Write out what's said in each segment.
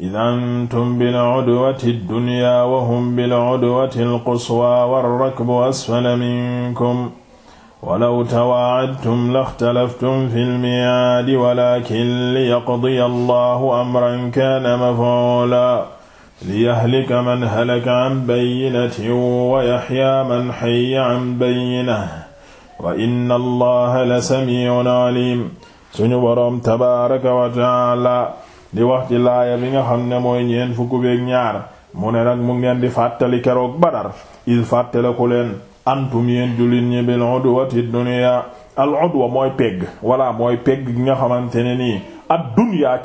id antum bilcudwati ddunyaa wahum bilcudwati alquswaa walrakbu asfala minkum walaw tawaacadtum laxtalaftum fi lmiyaadi walakin liyaqdiya allahu amran kaana mafcuula liyahlika man halaka can bayinatin wa yaxyaa man xaya can bayina wa inna allaha la samiicun caliim suñu boroom tabaaraka wa tacaala di wax ci laaya bi nga xam ne mooy ñeent fukk beeg ñaar mu ne nag mu ngeen di fàttali keroog badar il fàttaliku leen antum yéen jullit ñi bil udwati dunya al udwa mooy pegg walla mooy pegg gi nga xamante ne nii ad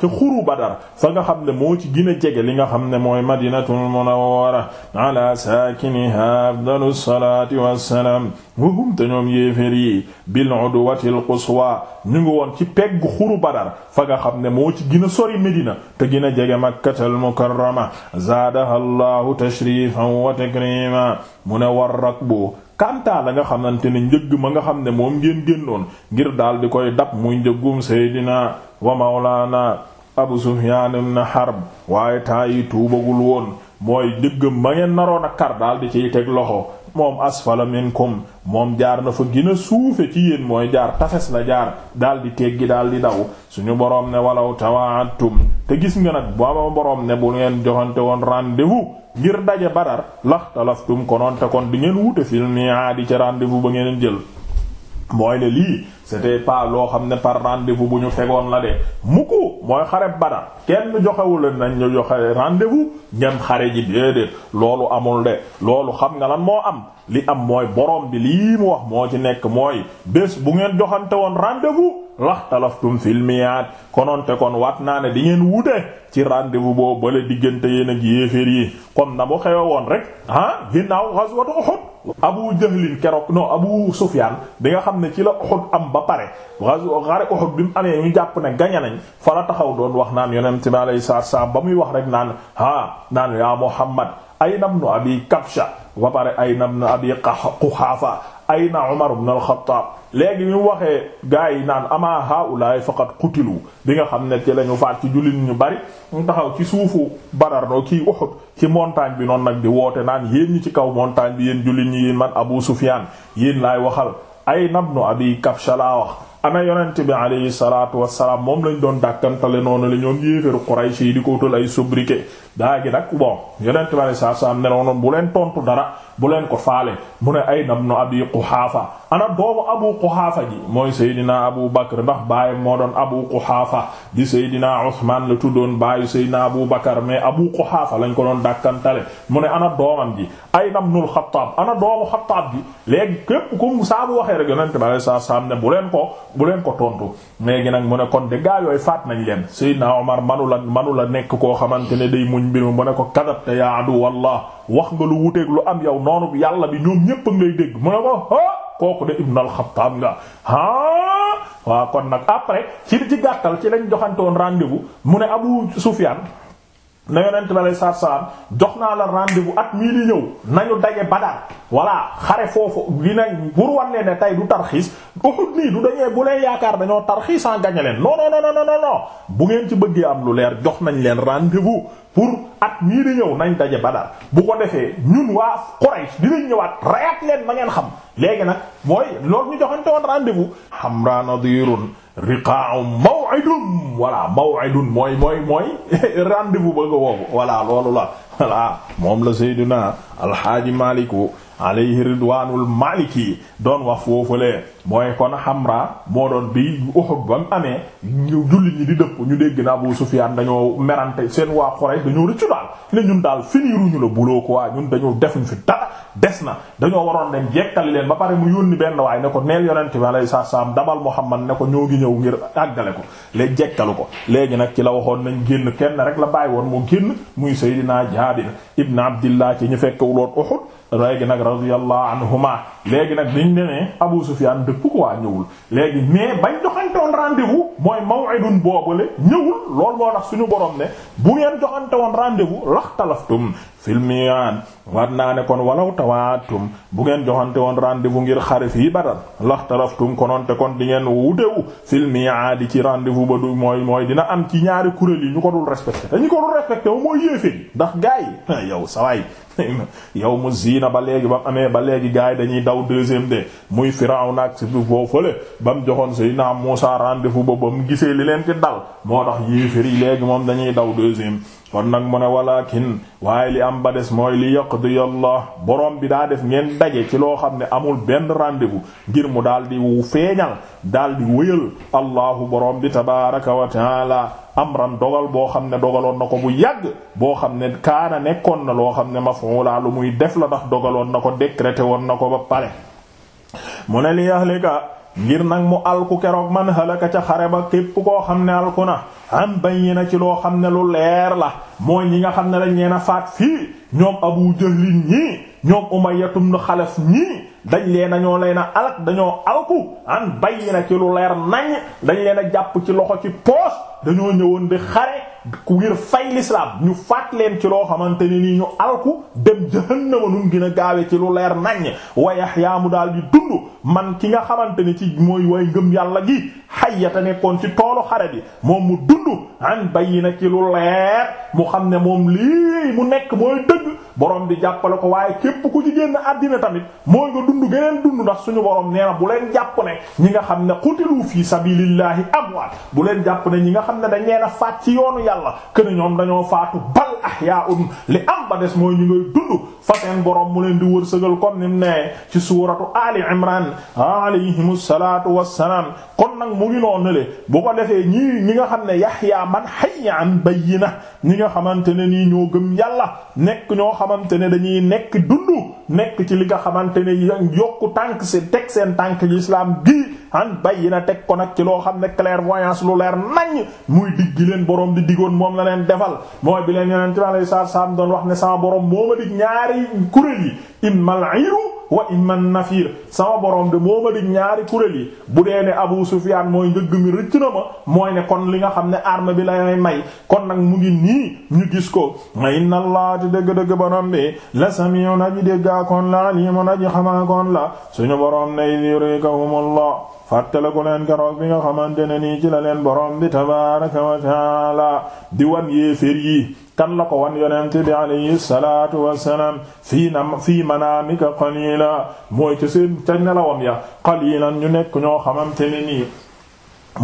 ca xuru badar fa nga xam ne moo ci gën jege li nga xam ne mooy madinatul munawwara ala saakiniha afdalu salaati wassalaam wahum te ñoom yéefér yi bil udwatil quswa ñu ngi woon ci pegg xuru badar fa nga xam ne moo ci gën a sori médina te gën a jege makkatal mukarrama zaadaha allahu tashrifan wa takrima mu ne war rakbu kantaa la nga xamante ne njëgg ma nga xam ne moom ngeen génnoon ngir daal di koy dab muy njëggum seydina wa mawlaana abu sufyaan na harb waaye temps yi tuubagul woon mooy dëggam ma ngeen naroon a kar daal di ciy teg loxo moom asfala minkum moom jaar na fa gën a suufe ci yéen mooy jaar tafes la jaar daal di teggi daal di daw suñu boroom ne walaw tawaattum te gis nga nag bama boroom ne bu ngeen joxante woon rendez ngir daje badar laxtalaftum konoon te kon di ngeen wute fil mi'aadi ca rendez-vous ba ngeen jël mooy ne lii c'était pas loo xam ne par rendez-vous bu ñu fegoon la de mukku mooy xare Badar kenn joxewu la nañ ñu joxe rendez-vous xare ji déedéet loolu amul de loolu xam nga lan moo am li am mooy borom bi lii mu wax moo ci nekk mooy bés bu ngeen joxante woon rendez-vous laxtalaftum fil miyaat kononte kon waat naa ne di ngeen wute ci rendez bu boo bale diggante yéen ak yéeféer yi comme na mu xewe woon rek ah ginnaaw ghazwatu Uhud abu jahlin keroog non abu sufyan bi nga xam ne ci la Uhud am ba pare xare Uhud bi mu amee ñu jàpp ne gañe nañ fa la taxaw doon wax naan yonent bi alayhi salaatu salaam ba muy wax rek naan ah naan yaa muhammad ay nabnu abi kabsha ba pare ay nabnu abi quhaafa ay ayna Umar ibn al-Khattab léegi ñu waxee gars yi naan ama haula faqad qutilu bi nga xam ne ci la ñu faat ci jullit ñu bari mu taxaw ci suufu Badar no kii Uhud ci montagne bi noonu nag di woote naan yéen ci kaw montagne bi yéen jullit ñi man Abu Sufyan yéen laay waxal ay nabnu abi Kabsha laa wax ana yonent bi alayhi salaatu wassalaam moom lañ doon dàkkantale noonu la ñoom yéeféru Quraysh yi di ko wutal ay sobriquet daa gi nag bon yonent bi alei saatu salaam nenoonoon bu leen tontu dara bu leen ko faale mu ne ay nam nu abi quxaafa ana doomu abu quxaafa ji mooy seydina abu bakar ndax baayam moo doon abu quxaafa di seydina la abu bakar mais abu quxaafa lañ ko doon dàkkantale mu ne ana doomam ji ay nam nul xattaab ana doomu xattaab ji léegi képp ku saa bu waxee rek yonent bi alei saatu salaam ne bu leen ko bu leen ko tontu léegi nag mu ne kon de gaa faat nañ leen mbir mi mu ne ko kadabta yaa aduwallah wax nga lu wuteeg lu am yow noonu yàlla bi ñoom ñépp a ngay dégg mu ne ko ah kooku de ibn al-Khattab nga ah waaw kon nag après ci ci gàttal ci lañ joxante woon rendez-vous mu ne Abu Sufyan na yonent bi alei salaatu salaam jox naa la rendez-vous at mii di ñëw nañu daje Badar voilà xare foofu dinañ pour wan leen ne tey du tarxiis Uhud nii du dañee bu leen yaakaar dañoo tarxiis en ah, gañe leen non non non bu ngeen ci bëggee pour at mii di ñëw nañ daje Badar bu ko defee ñun waa Quraysh dinañ ñëwaat rayat leen ma ngeen xam léegi nag mooy loolu ñu joxante woon rendez-vous hamra nadirun riqa'un maw'idun wala maw'idun mooy mooy mooy rendez-vous ba nga woobu wala loolu la wala moom la Seydina alhaaji Maliku alayhi ridwanul maliki doon wax foofu foofulee mooy kon Hamra moo doon bi Uhud ba mu amee ñu jullit ñi di dëpp ñu dégg na Abu Sufyaan dañoo merante seen waa Quraysh dañoo rëccu daal ne ñun daal finiruñu la buloo ko waa ñun dañoo defuñ fi dara des na dañoo waroon dem jekkali leen ba pare mu yónni benn waaye ne ko neel yonente bi alayhi salaam dabal Muhammad ne ko ñoo ngi ñëw ngir àggale ko léegi jekkalu ko léegi nag ci la waxoon nañ génn kenn rek la bàyyi woon mu génn muy Seydina Jaabir ibn Abdillah ci ñu fekk wuloon Uhud léegi nag radiyallahu anhuma léegi nag liñ demee Abu Sufyan dëkk waa ñëwul léegi mais bañ joxantewoon rendez-vous mooy boobu boobule ñëwul loolu moo tax suñu borom ne bu ngeen joxantewoon rendez-vous laxtalaftum fil mi'ad waat naa ne kon walaw tawaatum bu ngeen joxante woon rendez-vous ngir xare fii Badar laxtalaftum konoonte kon di ngeen wutewu fil di ci rendez-vous ba du mooy mooy dina am ci ñaari kuréel yi ñu ko dul respecté te ñu ko dul respecté wu mooy yéefee ndax yi yow mu ziina ba léegi ba mu amee ba léegi gars yi dañuy daw deuxième de muy Firawna ak si boo fële ba mu joxoon Seydina naa rendez-vous ba ba mu gisee li leen ci dal moo tax yéefar yi léegi moom dañuy daw deuxième kon nag mu ne walakin waaye li am ba des mooy li yaqdi Allah borom bi daa def ngeen daje ci loo xam ne amul benn rendez-vous ngir mu dal di wu feeñal dal di wëyal allahu borom bi tabaraka wa taala amran dogal boo xam ne dogaloon na ko bu yàgg boo xam ne kaana nekkoon na loo xam ne ma maf'ula lu muy def la ndax dogaloon na ko décrété woon na ko ba pare mu ne li ahlika ngir nag mu alku keroog man halaka ca xare ba képp koo xam ne alku na am bayyina ci loo xam ne lu leer la mooy ñi nga xam ne dañ leen a faat fii ñoom Abu Jahlin ñii ñoom Umayyatum nu Xalaf ñii dañ leen a ñoo leen a alak dañoo alku an bayyina ci lu leer nañ dañ leen a jàpp ci loxo ci poos dañoo ñëwoon di xare ku ngir fay l'islam ñu faat leen ci loo xamante ne nii ñu alku dem jahannama nun gën a gaawe ci lu leer naññ wa Yahya mu daal di dund man ki nga xamante ne ci mooy way ngëm yàlla gi a nekkoon ci toolu xare bi moom mu dund an bayyina ci lu leer mu xam ne moom lii mu nekk mooy dëgg borom bi jàppale ko waaye képp ku ci génn àddina tamit mooy nga dund geneen dund ndax suñu borom nee na bu leen jàpp ne ñi nga xam ne qutilu fii sabilillahi amwaat yàlla kër ñoom dañoo faatu bal ahyaun li am ba des mooy ñu ngay dund fa seen borom mu leen di wërsëgal comme ni mu nee ci suuratu Ali Imran alayhimu salaatu wassalaam kon nag mu ngi noonu le bu ko defee ñii ñi nga xam ne Yahya man bay an na ñi nga xamante ne nii ñoo gëm yàlla nekk ñoo xamante ne dañuy nekk dundu nekk ci li nga xamante ne yokku tànk seen teg seen tànk l'islam bay yi na teg ko nag ci loo xam ne clairvoyance lu leer naññ muy dig gi leen borom di digoon moom la leen defal mooy bi leen yeneen ci alayhi salaam doon wax ñaari kuréel yi imma al ayru wa imma nafir sama borom de moo ma dig ñaari kuréel yi bu dee ne Abu Sufyan mooy njëgg mi rëcc na ma mooy ne kon li nga xam ne arme bi lay may kon nag mu ngi nii ñu gis ko ma inna allah te dëgg-dëgg borom bi la sami'un aji déggaakoon la alimun aji xamaakoon la suñu borom ne la fàttale ko leen keroog bi nga xamante ne nii ci leen borom bi tabaaraka wa taala di wan yéeféer yi kan la ko wan yonent bi alayhi salaatu wassalaam fii na fii manaamika qaliila mooy ca seen ca nelawam ya qaliilan ñu nekk ñoo xamante ne nii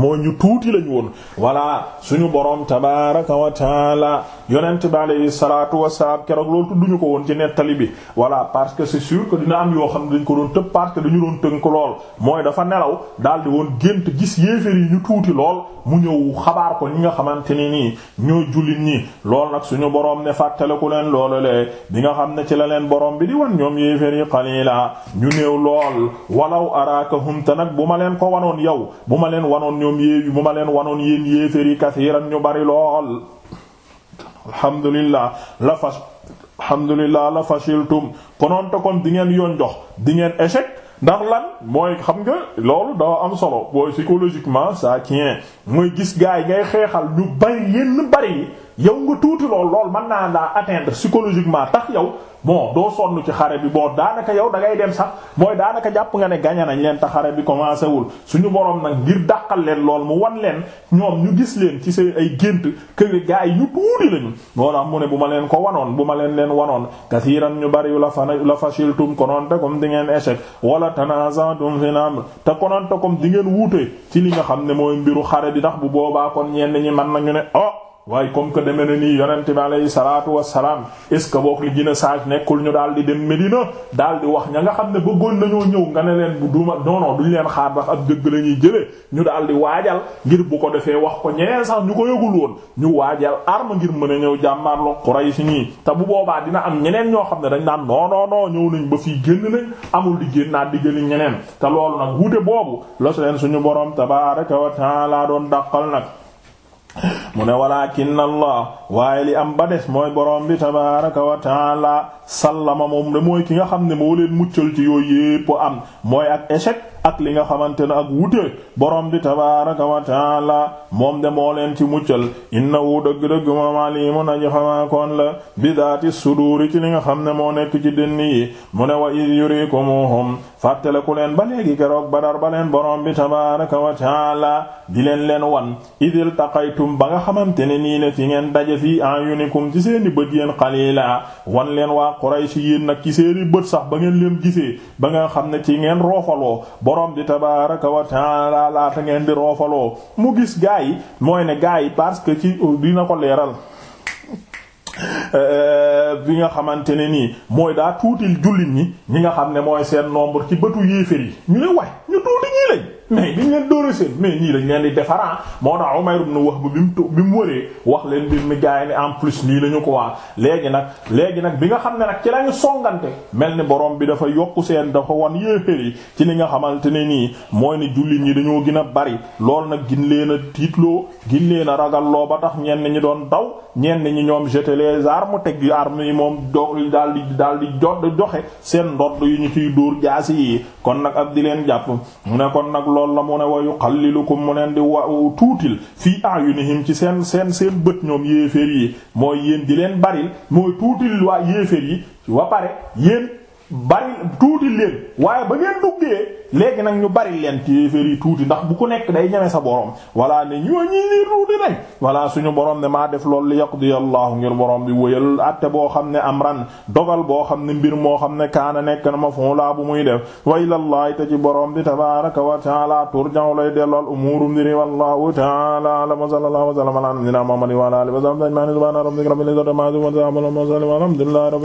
moo ñu tuuti lañu woon walla suñu borom tabaaraka wa yonent bi alayhi salaatu wasalaam keroog loolu tudduñu ko woon ci nettali bi voilà parce que c'est sûr que dina am yoo xam ne dañ ko doon tëb parce que dañu doon tënk lool mooy dafa nelaw daal di woon gént gis yéeféer yi ñu tuuti lool mu ñëw xabaar ko ñi nga xamante ni nii ñooy jullit ñi lool nag suñu boroom ne fàttaliku leen loolu le bi nga xam ne ci la leen boroom bi di wan ñoom yéeféer yi qalila ñu néew lool walaw araakahum te nag bu ma leen ko wanoon yow bu ma leen wanoon ñoom bu ma leen wanoon yéen yéeféer yi kasiiran ñu bari lool alhamdulillah la fas alhamdulillah la fashiltum konoon te kon di ngeen yoon jox di ngeen échec ndax lan mooy xam nga loolu dafa am solo booy psychologiquement ça tient mooy gis gaay ngay xeexal ñu bari yenn bari yi yow nga tuuti lool lool man naa laa atteindre psychologiquement tax yow bon doo sonn ci xare bi boo daanaka yow da ngay dem sax mooy daanaka jàpp nga ne gañe nañ leen te xare bi commencé wul suñu borom nag ngir dàqal leen lool mu wan leen ñoom ñu gis leen ci seen ay gént kër gaa yi ñu tuuti lañu. moo tax mu ne bu ma leen ko wanoon bu ma leen leen wanoon kasiiran ñu bari la fa la fashiltum kononte comme di ngeen échec wala tanaza'tum fil amr te kononte comme di ngeen wuute ci li nga xam ne mbiru xare bi ndax bu boobaa kon ñenn ñi mën nañu ne oh, waaye comme que demee na nii yonent bi alayhi salaatu wassalaam est ce que boog li gën a nekkul ñu daal di dem Medina daal di wax ña nga xam ne bëggoon nañoo ñëw nga ne leen bu duma non non duñ leen xaar ndax ab dëgg la ñuy jëlee ñu daal di waajal ngir bu ko defee wax ko ñeneen sax ñu ko yogul woon ñu waajal arme ngir mën a ñëw jàmbaar jàmmaarloo Quraysh ñii te bu boobaa dina am ñeneen ñoo xam ne dañ daan non non non ñëw nañ ba fii génn nañ amul di génn naa di jëli ñeneen te loolu nag wuute boobu la su leen suñu borom tabaaraka wa ta'ala doon dàqal nag mu ne walaakin allah waaye li am bades des mooy borom bi tabaaraka wa taala sallama moom da mooy ki nga xam ne moo leen muccal ci yooyu yépp am mooy ak échec ak li nga xamante ne ak wute borom di tabaaraka wa taala moom de moo leen ci muccal innahu dëgg-dëgg moom alimun aji xamaakoon la bi daati suduuri ci li nga xam ne moo nekk ci dënn yi mu ne wa iz yurikumuhum fàttale ku leen ba léegi keroog badar ba leen borom bi tabaaraka wa taala di leen leen wan idil taqaytum ba nga xamante ne nii ne fi ngeen daje fii en ci seeni bët yéen xaliila wan Quraysh yéen nag ci seeni bët sax ba ngeen leen gisee ba ngeen xam ne ci ngeen roofaloo borom di tabaaraka wa ta'aala laata ngeen di roofaloo mu gis gaa yi mooy ne gaa yi parce que ci dina ko leeral bi nga xamante ne nii mooy daa tuutil jullit ñi ñi nga xam ne mooy seen nombre ci bëtu yéefér yi ñu ne waay ñu tuuti ñii lañ mais liñ leen dóora seen mais ñii dañ leen di defaran ah. moo tax Umayr ibn Wahb bi mu bi mu wëree wax leen mbir mi gaay ni en plus lii la ko waa léegi nag léegi nag bi nga xam ne nag ci lañu songante mel ni borom bi dafa yokk seen dafa wan yéeféer yi ci li nga xamante ne nii mooy ni jullit ñi dañoo gën a bari lool nag gin leen a tiitloo gin leen a ragalloo ba tax ñenn ñi doon daw ñenn ñi ñoom jeter les armes teg armes yi moom doog daal di daal di joxe seen ndodd yu ñu fiy dóor jaasi yi kon nag ak di leen jàpp mu ne kon nag lool la mu ne wa yuqallilukum mu leen di wa tuutil fii a'yunihim ci seen seen seen bët ñoom yéeféer yi mooy yéen di leen baril mooy tuutil waa yéeféer yi wa pare yéen bari tuuti leen waaye ba ngeen duggee léegi nag ñu bari leen téeféer yi tuuti ndax bu ku nekk day ñeme sa borom walla ne ñoo ñii ñii tuuti nañ walla suñu borom ne maa def loolu li yaqdi allahu ngir borom bi wóyal ate boo xam ne am ran dogal boo xam ne mbir moo xam ne kaana nekk na ma fon laa bu muy def wa ilallaahi te ci borom bi tabaraka wa taala turja'u lay dellool umuuru mbiri wallahu taala wa sallallahu wa sallama ala nabiyyina wa ala wa sahbihi ajma'in subhana